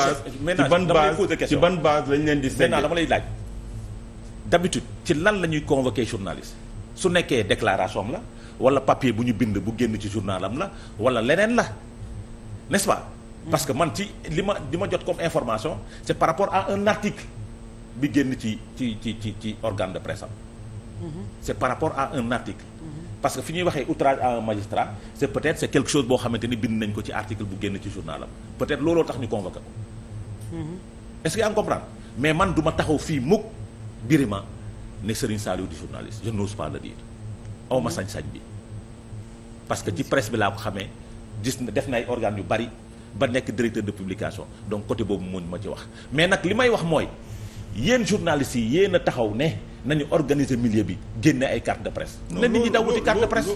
base ci ban base ci ban base lañ leen di. maintenant dama lay laaj d'habitude ci lan la ñuy convoquer journaliste su nekkee déclaration am la wala papier bu ñu bind bu génn ci journal am la wala leneen la n'est-ce pas. Hmm. parce que man ci li ma li ma jot comme information c'est par rapport à un article bi génn ci ci ci ci ci organe de presse am. Hmm. c'est par rapport à un article. Hmm. parce que fi ñuy waxee outrage à un magistrat c' est peut être c' est quelque chose boo xamante ni bind nañ ko ci article bu génn ci journalam peut être looloo tax ñu convoqué ko mm-hmm. est ce que yaa ngi comprendre mais man duma taxaw fii mukk Birima ne Serigne Saliou di journaliste je n'ose pas le dire aw ma mm-hmm. sañ-sañ bi parce que ci presse bi laa ko xamee gis na def na ay organes yu bari ba nekk directeur de publication donc côté boobu moo ma ci wax mais nag li may wax mooy yéen journalistes yi yéen a taxaw ne nañu organiser milieu bi génne ay carte de presse. na nit ñi daw wuti carte de presse.